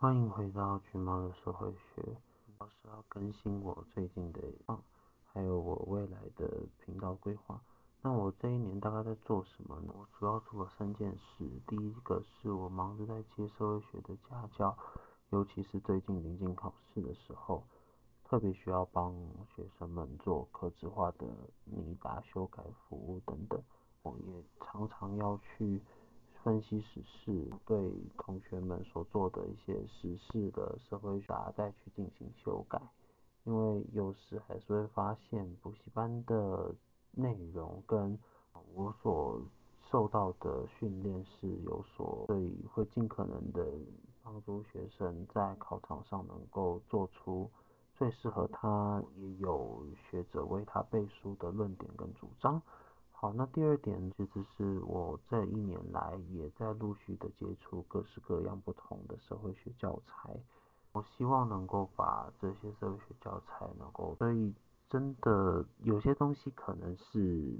歡迎回到橘貓的社會學。我是要更新我最近的、嗯，還有我未來的頻道規劃。那我這一年大概在做什麼呢？我主要做了三件事。第一個是，我忙着在接社會學的家教，尤其是最近臨近考試的時候，特別需要幫學生們做客製化的擬答修改服務等等。我也常常要去。分析時事，對同學們所做的一些時事的社會學，再去進行修改，因為有時還是會發現補習班的內容跟我所受到的訓練是有所，所以會盡可能的幫助學生在考場上能夠做出最適合他，也有學者為他背書的論點跟主張。好，那第二點就是，我這一年來也在陸續的接觸各式各樣不同的社會學教材，我希望能夠把這些社會學教材能夠，所以真的有些東西可能是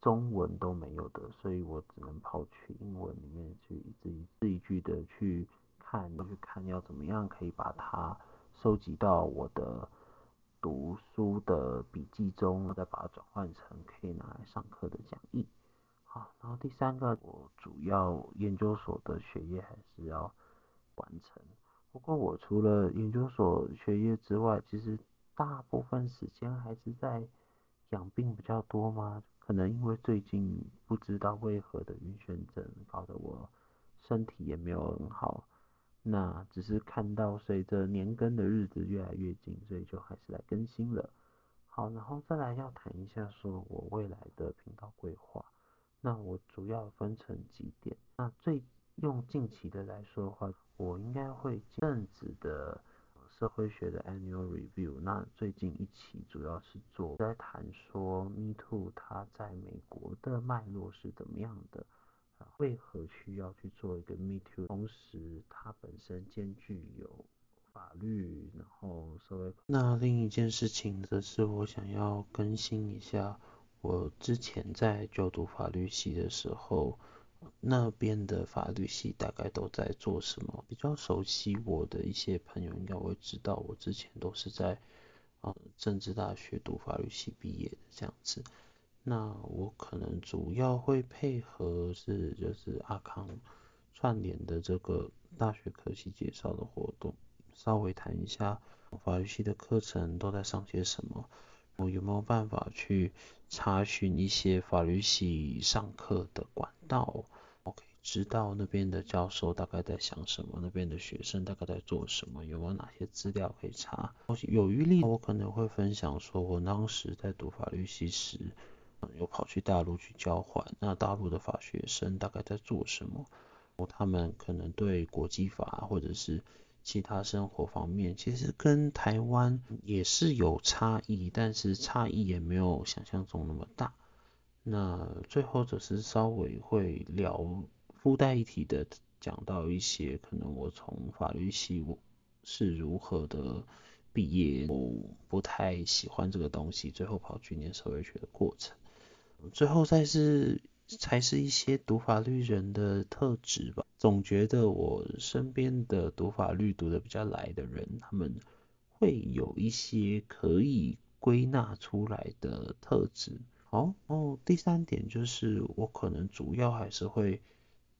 中文都沒有的，所以我只能跑去英文裡面去一字一字一句的去看，去看要怎麼樣可以把它收集到我的。讀書的筆記中，我再把它轉換成可以拿來上課的講義。好，然後第三個，我主要研究所的學業還是要完成。不過我除了研究所學業之外，其實大部分時間還是在養病比較多嘛。可能因為最近不知道為何的暈眩症，搞得我身體也沒有很好。那只是看到隨着年更的日子越來越近，所以就還是來更新了。好，然後再來要談一下說我未來的頻道規劃。那我主要分成幾點。那最用近期的來說的話，我應該會正子的社會學的 annual review。那最近一期主要是做在談說 Me Too 它在美國的脈絡是怎麼樣的。為何需要去做一個 meet you？同時，它本身兼具有法律，然後稍微。那另一件事情則是我想要更新一下，我之前在就讀法律系的時候，那邊的法律系大概都在做什麼？比較熟悉我的一些朋友應該會知道，我之前都是在、嗯、政治大學讀法律系畢業的這樣子。那我可能主要會配合是就是阿康串聯的這個大學科系介紹的活動，稍微談一下法律系的課程都在上些什麼，我有沒有辦法去查詢一些法律系上課的管道，我可以知道那邊的教授大概在想什麼，那邊的學生大概在做什麼，有沒有哪些資料可以查？有餘力我可能會分享說，我當時在讀法律系時。又跑去大陸去交換，那大陸的法學生大概在做什麼？他們可能對國際法或者是其他生活方面，其實跟台灣也是有差異，但是差異也沒有想象中那麼大。那最後只是稍微會聊附帶一提的，講到一些可能我從法律系我是如何的畢業，我不太喜歡這個東西，最後跑去念社會學的過程。最後再是，才是一些讀法律人的特質吧。總覺得我身邊的讀法律讀得比較來的人，他們會有一些可以歸納出來的特質。好，哦，第三點就是我可能主要還是會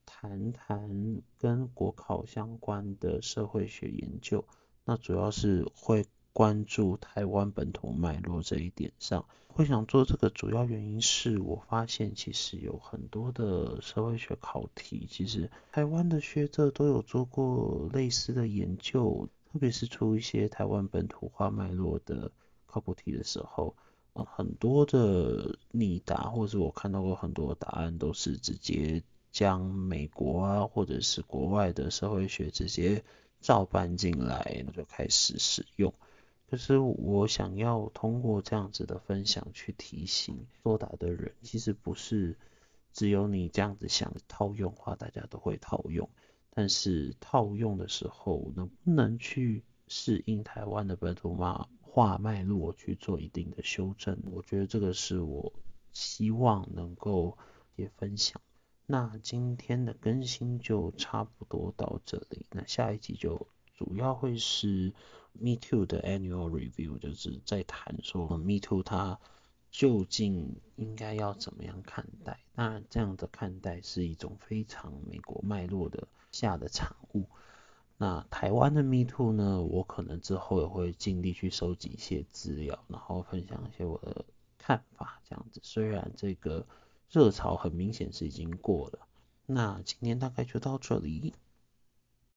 談談跟國考相關的社會學研究。那主要是會。關注台灣本土脈絡這一點上，會想做這個主要原因是我發現，其實有很多的社會學考題，其實台灣的學者都有做過類似的研究，特別是出一些台灣本土化脈絡的考古題的時候，很多的擬答，或者是我看到過很多答案，都是直接將美國啊，或者是國外的社會學直接照搬進來，就開始使用。就是我想要通過這樣子的分享去提醒作答的人，其實不是只有你這樣子想套用的話，大家都會套用。但是套用的時候，能不能去適應台灣的本土化脈絡去做一定的修正？我覺得這個是我希望能夠也分享。那今天的更新就差不多到這裡，那下一集就。主要會是 Me Too 的 Annual Review，就是在談說 Me Too 它究竟應該要怎麼樣看待。當然，這樣的看待是一種非常美國脈絡的下的產物。那台灣的 Me Too 呢，我可能之後也會盡力去收集一些資料，然後分享一些我的看法。這樣子，雖然這個熱潮很明顯是已經過了，那今天大概就到這裡。